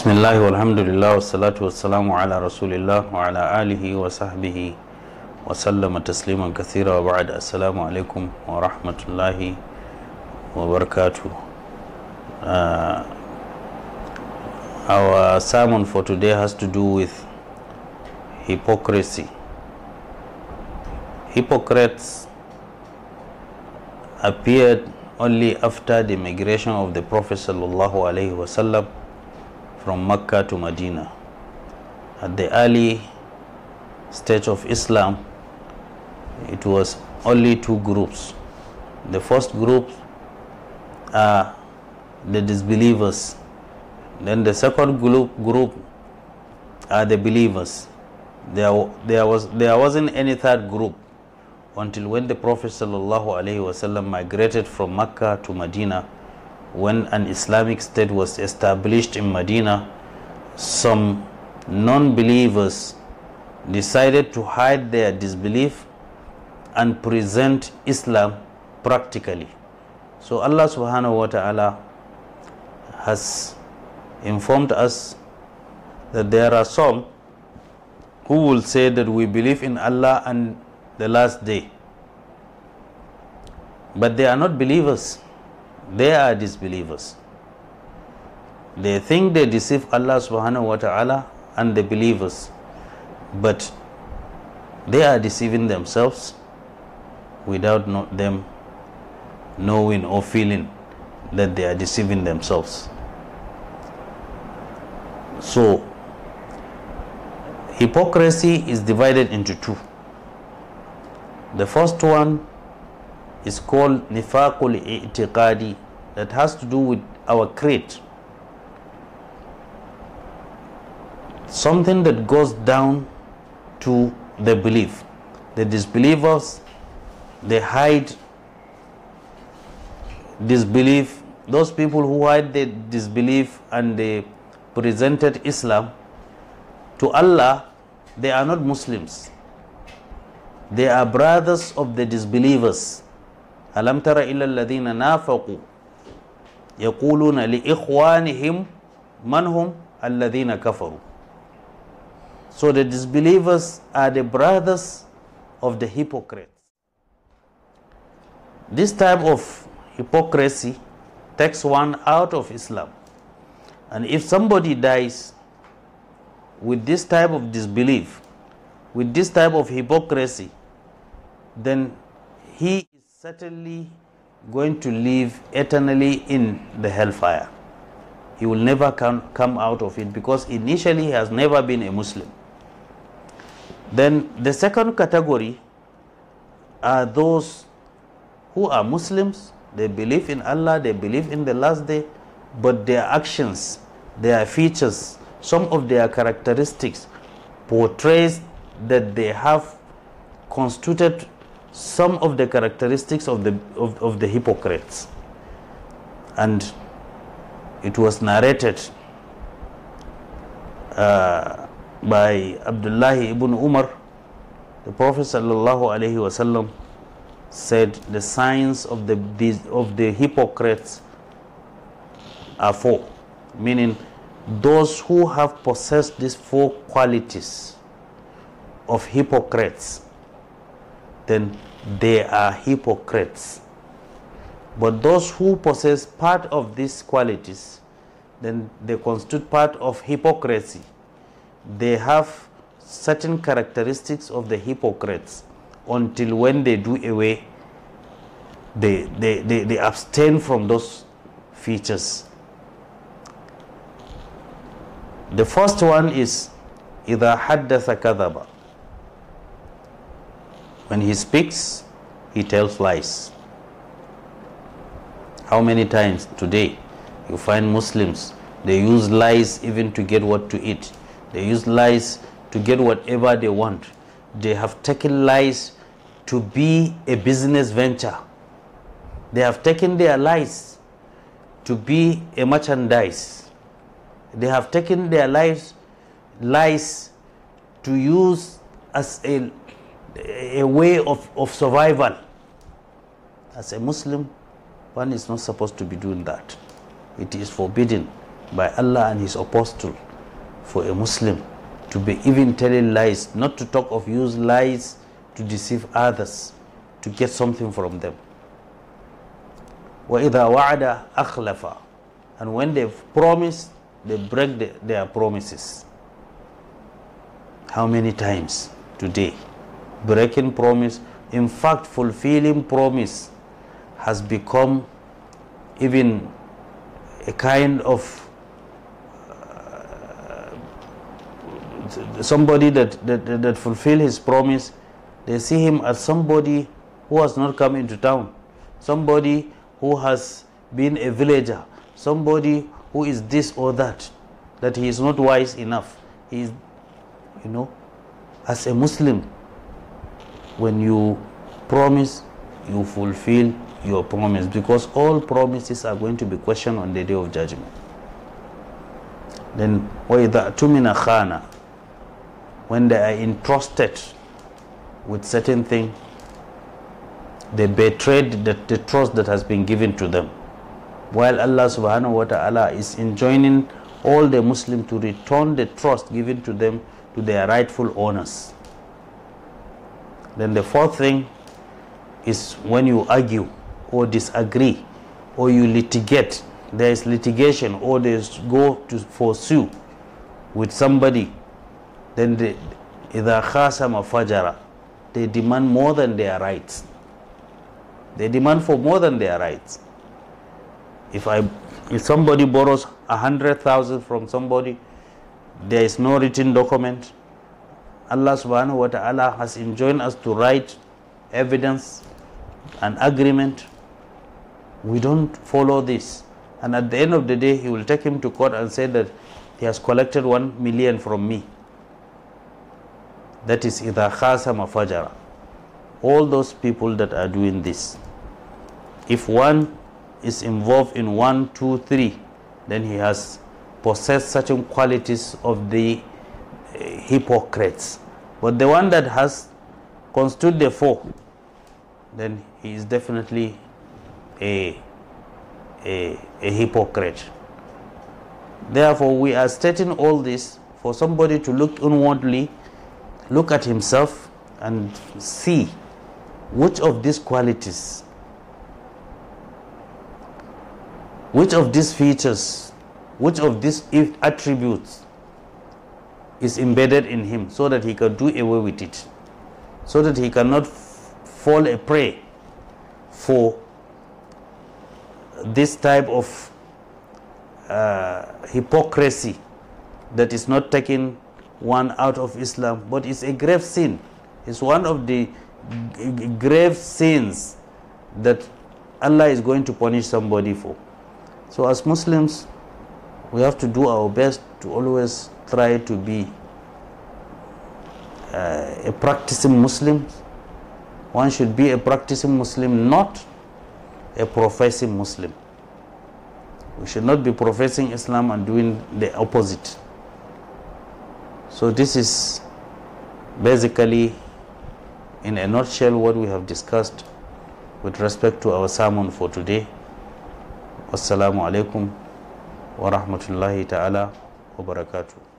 بسم الله والحمد لله والصلاة والسلام على رسول الله وعلى آله وصحبه وسلم تسليما كثيرا وبعد السلام عليكم ورحمة الله وبركاته uh, Our sermon for today has to do with hypocrisy Hypocrites appeared only after the migration of the Prophet sallallahu alaihi wasallam from Mecca to Medina. At the early stage of Islam, it was only two groups. The first group are the disbelievers, then the second group, group are the believers. There, there, was, there wasn't any third group until when the Prophet ﷺ migrated from Mecca to Medina when an Islamic state was established in Medina, some non believers decided to hide their disbelief and present Islam practically. So Allah subhanahu wa ta'ala has informed us that there are some who will say that we believe in Allah and the last day. But they are not believers. They are disbelievers. They think they deceive Allah subhanahu wa ta'ala and the believers, but they are deceiving themselves without them knowing or feeling that they are deceiving themselves. So, hypocrisy is divided into two. The first one is called nifaqul i'tiqadi that has to do with our creed something that goes down to the belief the disbelievers they hide disbelief those people who hide the disbelief and they presented islam to allah they are not muslims they are brothers of the disbelievers أَلَمْ تَرَ ila الَّذِينَ نَافَقُوا يَقُولُونَ لِإِخْوَانِهِمْ ikhwanihim man hum so the disbelievers are the brothers of the hypocrites this type of hypocrisy takes one out of islam and if somebody dies with this type of disbelief with this type of hypocrisy then he certainly going to live eternally in the hellfire. He will never come, come out of it because initially he has never been a Muslim. Then the second category are those who are Muslims, they believe in Allah, they believe in the last day, but their actions, their features, some of their characteristics portrays that they have constituted some of the characteristics of the, of, of the hypocrites. And it was narrated uh, by Abdullah ibn Umar. The Prophet wasallam said the signs of the, of the hypocrites are four, meaning those who have possessed these four qualities of hypocrites then they are hypocrites. But those who possess part of these qualities, then they constitute part of hypocrisy. They have certain characteristics of the hypocrites until when they do away, they, they, they, they abstain from those features. The first one is إذا حدث كذب when he speaks, he tells lies. How many times today you find Muslims, they use lies even to get what to eat. They use lies to get whatever they want. They have taken lies to be a business venture. They have taken their lies to be a merchandise. They have taken their lives lies to use as a a way of, of survival. As a Muslim, one is not supposed to be doing that. It is forbidden by Allah and His Apostle for a Muslim to be even telling lies, not to talk of use lies to deceive others, to get something from them. وَإِذَا وَعَدَ أَخْلَفَ And when they promise, they break the, their promises. How many times today? breaking promise, in fact, fulfilling promise has become even a kind of uh, somebody that, that, that fulfill his promise, they see him as somebody who has not come into town, somebody who has been a villager, somebody who is this or that, that he is not wise enough. He is, you know, as a Muslim, when you promise, you fulfill your promise because all promises are going to be questioned on the day of judgment. Then, khana, When they are entrusted with certain thing, they betrayed the, the trust that has been given to them. While Allah subhanahu wa ta'ala is enjoining all the Muslim to return the trust given to them to their rightful owners. Then the fourth thing is when you argue or disagree or you litigate, there is litigation or there is go to pursue with somebody, then they, fajara, they demand more than their rights. They demand for more than their rights. If I if somebody borrows a hundred thousand from somebody, there is no written document, Allah subhanahu wa ta'ala has enjoined us to write evidence and agreement. We don't follow this. And at the end of the day, he will take him to court and say that he has collected one million from me. That is idha khasama fajara. All those people that are doing this. If one is involved in one, two, three, then he has possessed certain qualities of the hypocrites. But the one that has constituted the four, then he is definitely a, a, a hypocrite. Therefore, we are stating all this for somebody to look inwardly, look at himself, and see which of these qualities, which of these features, which of these attributes is embedded in him so that he can do away with it, so that he cannot fall a prey for this type of uh, hypocrisy that is not taking one out of Islam, but it's a grave sin. It's one of the grave sins that Allah is going to punish somebody for. So, as Muslims, we have to do our best to always try to be uh, a practicing Muslim, one should be a practicing Muslim, not a professing Muslim. We should not be professing Islam and doing the opposite. So, this is basically, in a nutshell, what we have discussed with respect to our sermon for today. Wassalamu alaikum wa rahmatullahi ta'ala wa barakatuh.